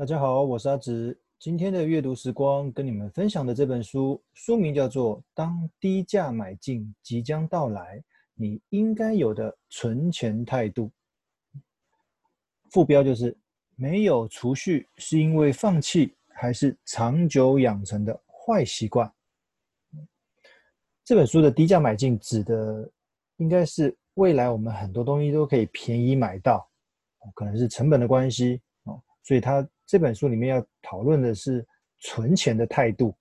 大家好，我是阿直。今天的閱讀時光，跟你們分享的這本書，書名叫做《當低價買進即將到來，你應該有的存錢態度》。副標就是“沒有儲蓄是因為放棄，還是長久養成的壞習慣？”這本書的低價買進，指的應該是未來我們很多東西都可以便宜買到，可能是成本的關係哦，所以它。這本書裡面要討論的是存錢的態度。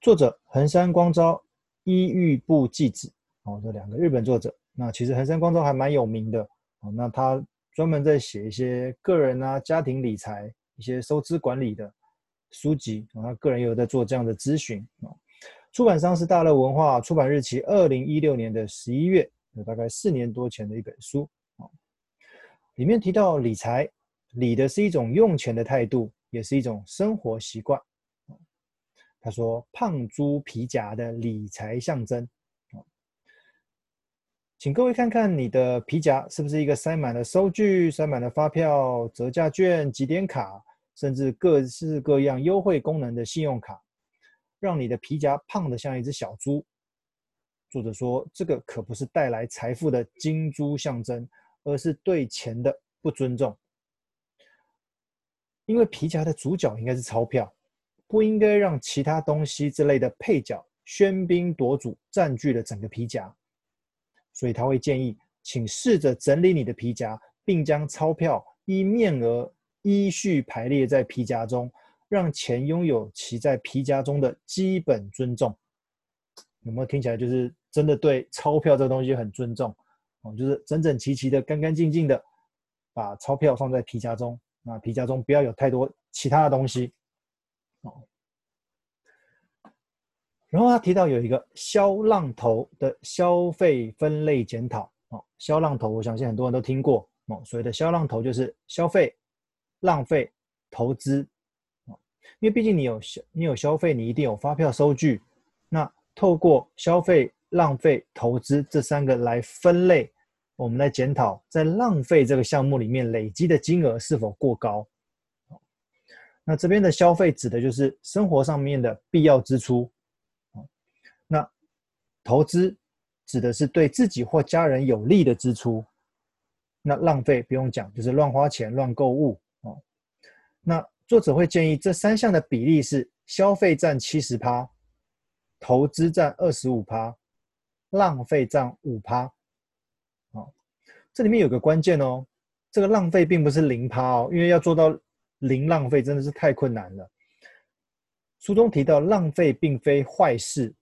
作者橫山光昭、醫玉部記子，哦，這兩個日本作者。那其實橫山光昭還蠻有名的哦，那他專門在寫一些個人啊、家庭理財、一些收支管理的書籍。哦，他個人也有在做這樣的諮詢啊。出版商是大樂文化，出版日期二零一六年的十一月，大概四年多前的一本書。哦，裡面提到理財。理的是一種用錢的態度，也是一種生活習慣。他說：“胖豬皮夾的理財象徵。”請各位看看你的皮夾是不是一個塞滿了收據、塞滿了發票、折價券、集點卡，甚至各式各樣優惠功能的信用卡，讓你的皮夾胖得像一隻小豬。作者說：“這個可不是帶來財富的金豬象徵，而是對錢的不尊重。”因為皮夾的主角應該是鈔票，不應該讓其他東西之類的配角喧賓奪主，占據了整個皮夾。所以他會建議，請試着整理你的皮夾，並將鈔票依面額依序排列在皮夾中，讓錢擁有其在皮夾中的基本尊重。有沒有聽起來就是真的對鈔票這個東西很尊重？哦，就是整整齊齊的、干干淨淨的，把鈔票放在皮夾中。那皮夾中不要有太多其他的東西哦。然後他提到有一個消浪投的消費分類檢討哦，消浪投我相信很多人都聽過哦，所謂的消浪投就是消費、浪費、投資哦，因為畢竟你有消，你有消費，你一定有發票收據，那透過消費、浪費、投資這三個來分類。我們來檢討，在浪費這個項目裡面累積的金額是否過高？那這邊的消費指的就是生活上面的必要支出，那投資指的是對自己或家人有利的支出。那浪費不用講，就是亂花錢、亂購物啊。那作者會建議這三項的比例是：消費佔七十趴，投資佔二十五趴，浪費佔五趴。這裡面有個關鍵哦，這個浪費並不是零趴哦，因為要做到零浪費真的是太困難了。書中提到，浪費並非壞事。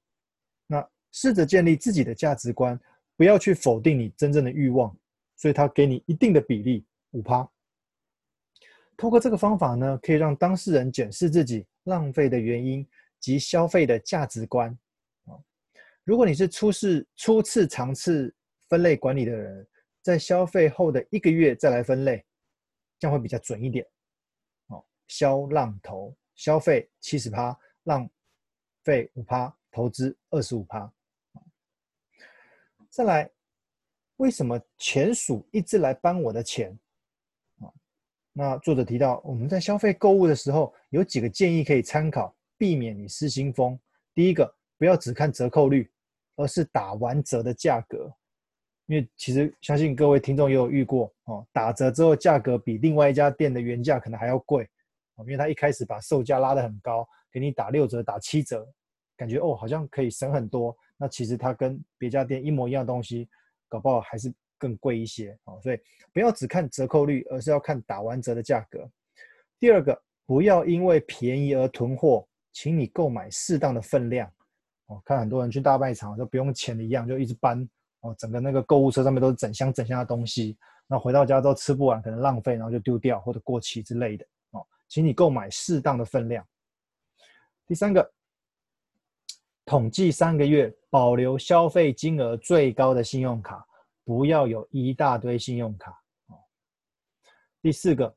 那試着建立自己的價值觀，不要去否定你真正的慾望。所以他給你一定的比例5，五趴。通過這個方法呢，可以讓當事人檢視自己浪費的原因及消費的價值觀。哦，如果你是初次初次嘗試分類管理的人。在消費後的一個月再來分類，這樣會比較準一點。哦，消浪投，消費七十趴，浪費五趴，投資二十五趴。再來，為什麼錢鼠一直來搬我的錢？啊、哦，那作者提到，我們在消費購物的時候，有幾個建議可以參考，避免你失心瘋。第一個，不要只看折扣率，而是打完折的價格。因為其實相信各位聽眾也有遇過哦，打折之後價格比另外一家店的原價可能還要貴哦，因為他一開始把售價拉得很高，給你打六折、打七折，感覺哦好像可以省很多，那其實他跟別家店一模一樣的東西，搞不好還是更貴一些哦，所以不要只看折扣率，而是要看打完折的價格。第二個，不要因為便宜而囤貨，請你購買適當的分量哦。看很多人去大賣場就不用錢的一樣，就一直搬。哦，整個那個購物車上面都是整箱整箱的東西，那回到家之後吃不完，可能浪費，然後就丟掉或者過期之類的。哦，請你購買適當的分量。第三個，統計三個月保留消費金額最高的信用卡，不要有一大堆信用卡。哦。第四個，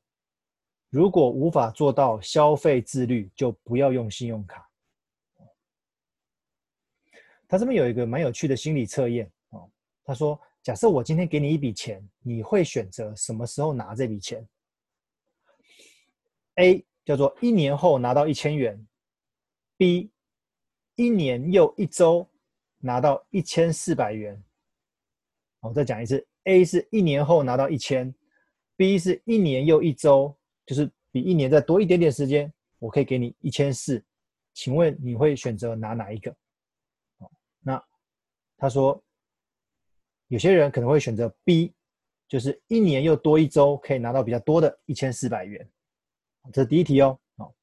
如果無法做到消費自律，就不要用信用卡。它這邊有一個蠻有趣的心理測驗。他說：“假設我今天給你一筆錢，你會選擇什麼時候拿這筆錢？A 叫做一年後拿到一千元，B 一年又一周拿到一千四百元。我再講一次，A 是一年後拿到一千，B 是一年又一周，就是比一年再多一點點時間，我可以給你一千四。請問你會選擇拿哪一個？”好，那他說。有些人可能會選擇 B，就是一年又多一周可以拿到比較多的，一千四百元。這是第一題哦。好，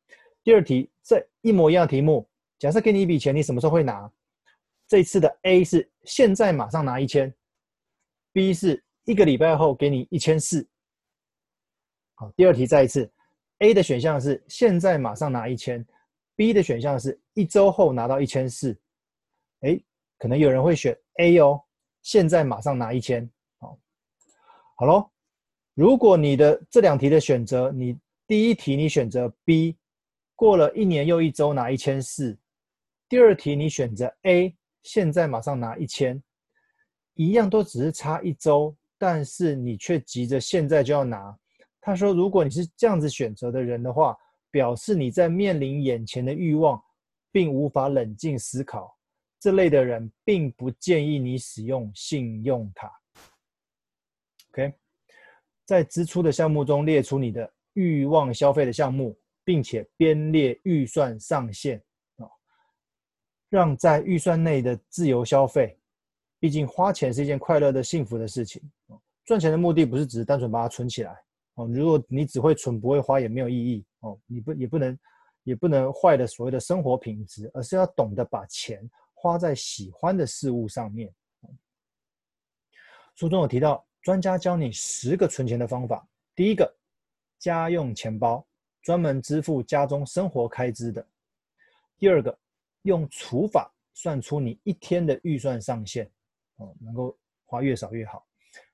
第二題這一模一樣的題目，假設給你一筆錢，你什麼時候會拿？這一次的 A 是現在馬上拿一千，B 是一個禮拜後給你一千四。好，第二題再一次，A 的選項是現在馬上拿一千，B 的選項是一周後拿到一千四。哎，可能有人會選 A 哦。現在馬上拿一千，好，好嘍。如果你的這兩題的選擇，你第一題你選擇 B，過了一年又一周拿一千四；第二題你選擇 A，現在馬上拿一千，一樣都只是差一周，但是你卻急着現在就要拿。他說，如果你是這樣子選擇的人的話，表示你在面臨眼前的欲望，並無法冷靜思考。這類的人並不建議你使用信用卡。OK，在支出的項目中列出你的慾望消費的項目，並且編列預算上限啊、哦，讓在預算內的自由消費。畢竟花錢是一件快樂的、幸福的事情、哦、賺錢的目的不是只是單純把它存起來哦。如果你只會存不會花，也沒有意義哦。你不也不能，也不能壞了所謂的生活品質，而是要懂得把錢花在喜歡的事物上面。書中有提到，專家教你十個存錢的方法。第一個，家用錢包，專門支付家中生活開支的；第二個，用除法算出你一天的預算上限，能夠花越少越好。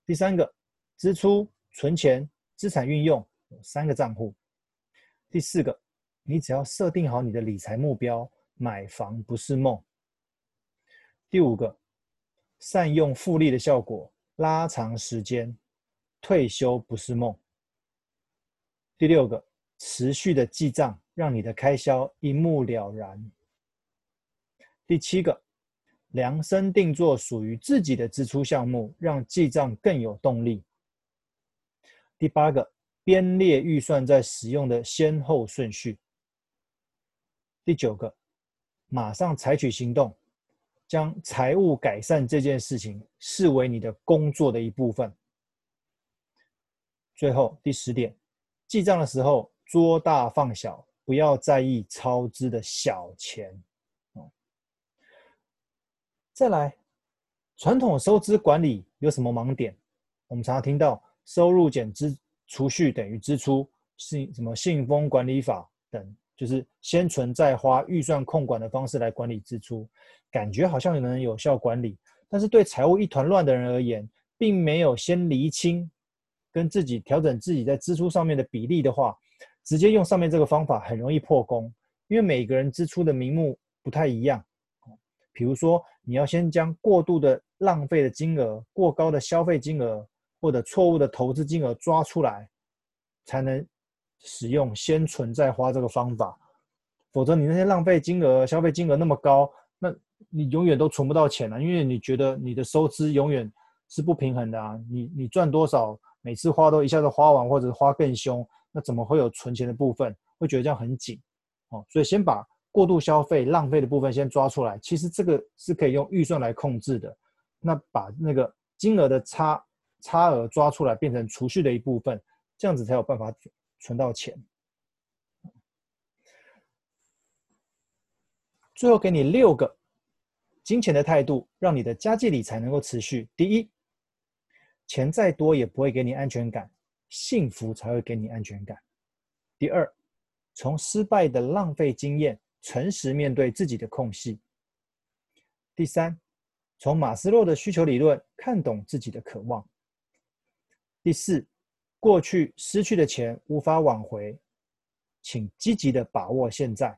第三個，支出、存錢、資產運用有三個賬戶。第四個，你只要設定好你的理財目標，買房不是夢。第五個，善用複利的效果，拉長時間，退休不是夢。第六個，持續的記賬，讓你的開銷一目了然。第七個，量身定做屬於自己的支出項目，讓記賬更有動力。第八個，編列預算在使用的先後順序。第九個，馬上採取行動。將財務改善這件事情視為你的工作的一部分。最後第十點，記賬的時候，捉大放小，不要在意超支的小錢。哦。再來，傳統收支管理有什麼盲點？我們常常聽到收入減儲蓄等於支出，是什麼信封管理法等。就是先存再花，預算控管的方式來管理支出，感覺好像也能有效管理。但是對財務一團亂的人而言，並沒有先釐清跟自己調整自己在支出上面的比例的話，直接用上面這個方法很容易破功，因為每個人支出的名目不太一樣。比如說，你要先將過度的浪費的金額、過高的消費金額或者錯誤的投資金額抓出來，才能。使用先存再花這個方法，否則你那些浪費金額、消費金額那麼高，那你永遠都存不到錢啊！因為你覺得你的收支永遠是不平衡的啊！你你賺多少，每次花都一下子花完，或者花更兇，那怎麼會有存錢的部分？會覺得這樣很緊哦。所以先把過度消費、浪費的部分先抓出來，其實這個是可以用預算來控制的。那把那個金額的差差額抓出來，變成儲蓄的一部分，這樣子才有辦法。存到錢，最後給你六個金錢的態度，讓你的家計理財能夠持續。第一，錢再多也不會給你安全感，幸福才會給你安全感。第二，從失敗的浪費經驗，誠實面對自己的空隙。第三，從馬斯洛的需求理論，看懂自己的渴望。第四，過去失去的錢無法挽回，請積極的把握現在。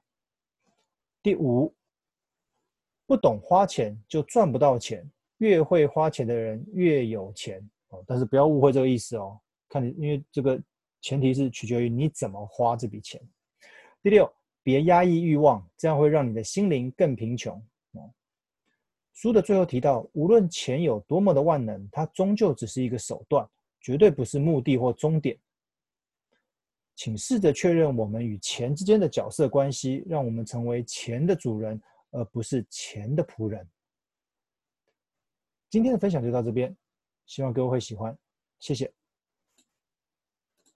第五，不懂花錢就賺不到錢，越會花錢的人越有錢哦。但是不要誤會這個意思哦，看你因為這個前提是取決於你怎麼花這筆錢。第六，別壓抑慾望，這樣會讓你的心靈更貧窮。哦，書的最後提到，無論錢有多麼的萬能，它終究只是一個手段。絕對不是目的或終點，請試着確認我們與錢之間的角色關係，讓我們成為錢的主人，而不是錢的僕人。今天的分享就到這邊，希望各位會喜歡，謝謝。